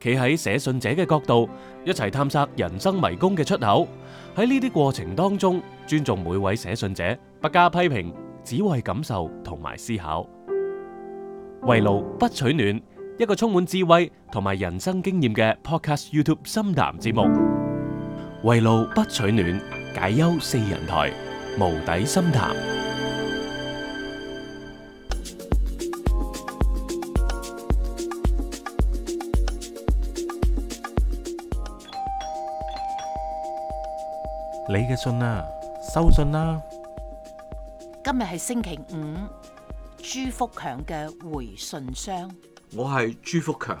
企喺寫信者嘅角度，一齊探索人生迷宮嘅出口。喺呢啲過程當中，尊重每位寫信者，不加批評，只為感受同埋思考。為路不取暖，一個充滿智慧同埋人生經驗嘅 Podcast YouTube 深談節目。為路不取暖，解憂四人台，無底深談。你嘅信啦、啊，收信啦、啊！今日係星期五，朱福強嘅回信箱。我係朱福強，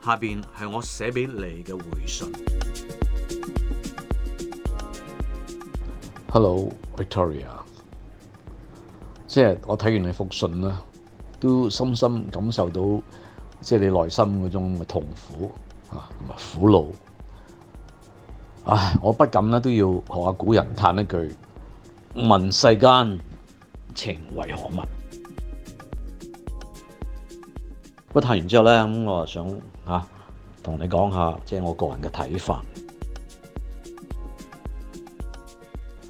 下邊係我寫俾你嘅回信。Hello，Victoria，即係我睇完你封信啦，都深深感受到即係你內心嗰種嘅痛苦啊，同埋苦惱。唉，我不敢咧，都要學下古人嘆一句：問世間情為何物？不過嘆完之後咧，咁我就想吓同你講下，即係我個人嘅睇法。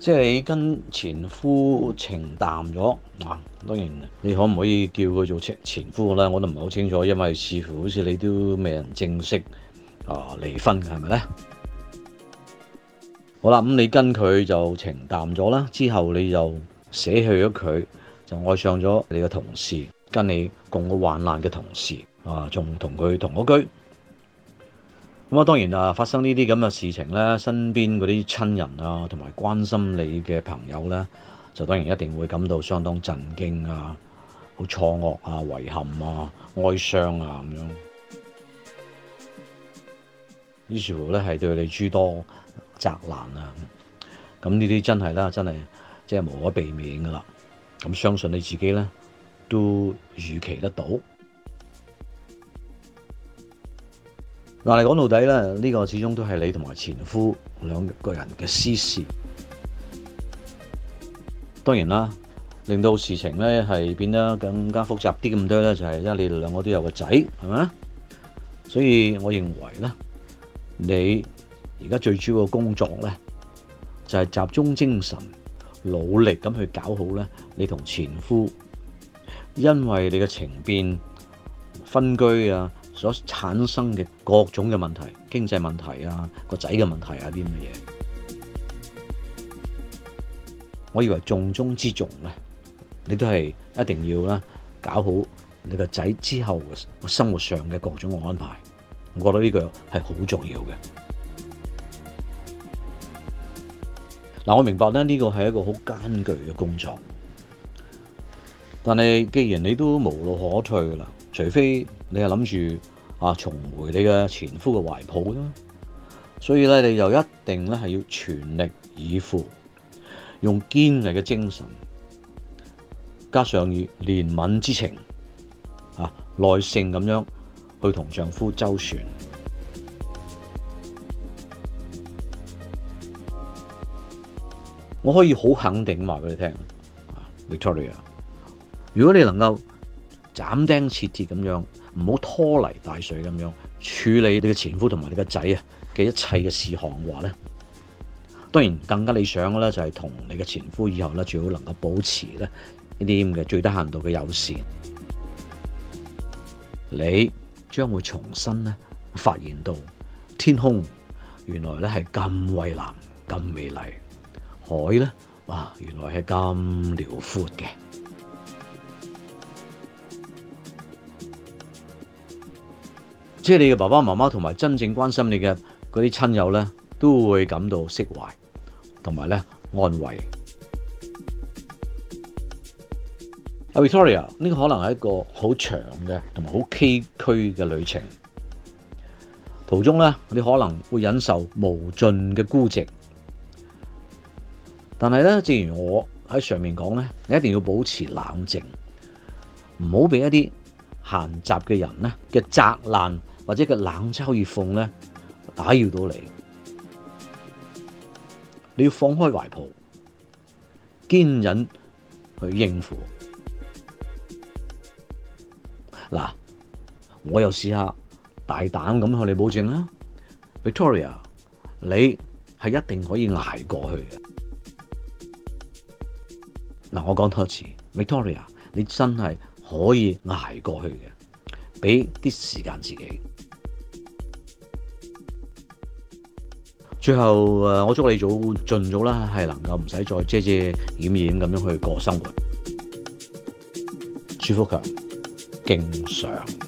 即係你跟前夫情淡咗，嗱，當然你可唔可以叫佢做前夫呢？我都唔係好清楚，因為似乎好似你都未能正式啊離婚，係咪咧？好啦，咁你跟佢就情淡咗啦，之後你就捨棄咗佢，就愛上咗你嘅同事，跟你共過患難嘅同事啊，仲同佢同居。咁啊，當然啊，發生呢啲咁嘅事情呢，身邊嗰啲親人啊，同埋關心你嘅朋友呢，就當然一定會感到相當震驚啊，好錯愕啊，遺憾啊，哀傷啊咁樣。於是乎呢係對你諸多責難啊！咁呢啲真係啦，真係即係無可避免噶啦。咁相信你自己咧，都預期得到。嗱你講到底咧，呢個始終都係你同埋前夫兩個人嘅私事。當然啦，令到事情咧係變得更加複雜啲咁多咧，就係、因為你哋兩個都有個仔，係嘛？所以我認為咧，你。而家最主要嘅工作咧，就係集中精神，努力咁去搞好咧。你同前夫，因為你嘅情變、分居啊，所產生嘅各種嘅問題、經濟問題啊、個仔嘅問題啊啲咁嘅嘢，我以為重中之重咧，你都係一定要啦，搞好你個仔之後嘅生活上嘅各種嘅安排。我覺得呢個係好重要嘅。嗱，我明白咧，呢個係一個好艱巨嘅工作。但係既然你都無路可退啦，除非你係諗住啊重回你嘅前夫嘅懷抱啦，所以咧你又一定咧係要全力以赴，用堅毅嘅精神，加上以憐憫之情啊耐性咁樣去同丈夫周旋。我可以好肯定話俾你聽，Victoria，如果你能夠斬釘截鐵咁樣，唔好拖泥帶水咁樣處理你嘅前夫同埋你嘅仔啊嘅一切嘅事項嘅話咧，當然更加理想嘅咧就係同你嘅前夫以後咧最好能夠保持咧呢啲咁嘅最低限度嘅友善，你將會重新咧發現到天空原來咧係咁蔚藍咁美麗。海咧，哇！原來係咁遼闊嘅，即係你嘅爸爸媽媽同埋真正關心你嘅嗰啲親友咧，都會感到釋懷，同埋咧安慰。Victoria，呢個可能係一個好長嘅同埋好崎嶇嘅旅程，途中咧你可能會忍受無盡嘅孤寂。但係咧，正如我喺上面講咧，你一定要保持冷靜，唔好俾一啲閒雜嘅人咧嘅責難或者嘅冷嘲熱諷咧打擾到你。你要放開懷抱，堅忍去應付。嗱，我又試下大膽咁向你保證啦，Victoria，你係一定可以捱過去嘅。嗱，我講多一次，Victoria，你真係可以捱過去嘅，俾啲時間自己。最後誒，我祝你早盡早啦，係能夠唔使再遮遮掩掩咁樣去過生活。朱福強，敬上。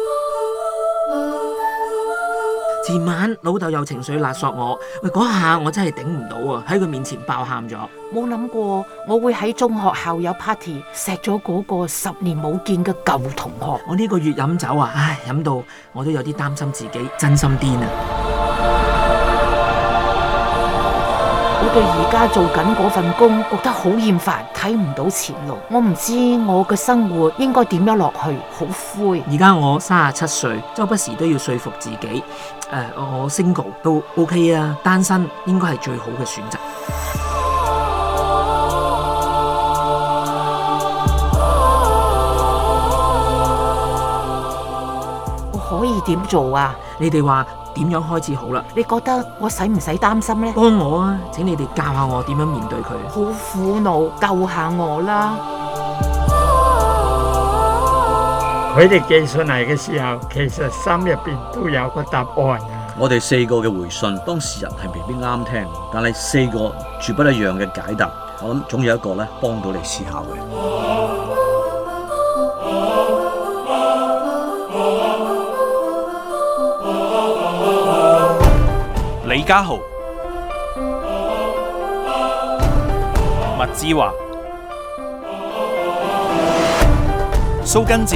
前晚老豆有情緒勒索我，喂嗰下我真係頂唔到啊！喺佢面前爆喊咗。冇諗過我會喺中學校友 party，錫咗嗰個十年冇見嘅舊同學。我呢個月飲酒啊，唉，飲到我都有啲擔心自己，真心癲啊！我對而家做緊嗰份工覺得好厭煩，睇唔到前路，我唔知我嘅生活應該點樣落去，好灰。而家我三十七歲，周不時都要說服自己。誒、呃，我 single 都 OK 啊，單身應該係最好嘅選擇。我可以點做啊？你哋話點樣開始好啦？你覺得我使唔使擔心咧？幫我啊，請你哋教下我點樣面對佢。好苦惱，救下我啦！佢哋寄信嚟嘅時候，其實心入邊都有個答案。我哋四個嘅回信，當時人係未必啱聽，但係四個絕不一樣嘅解答，我諗總有一個咧幫到你思考嘅。李家豪、麥志華、蘇根哲。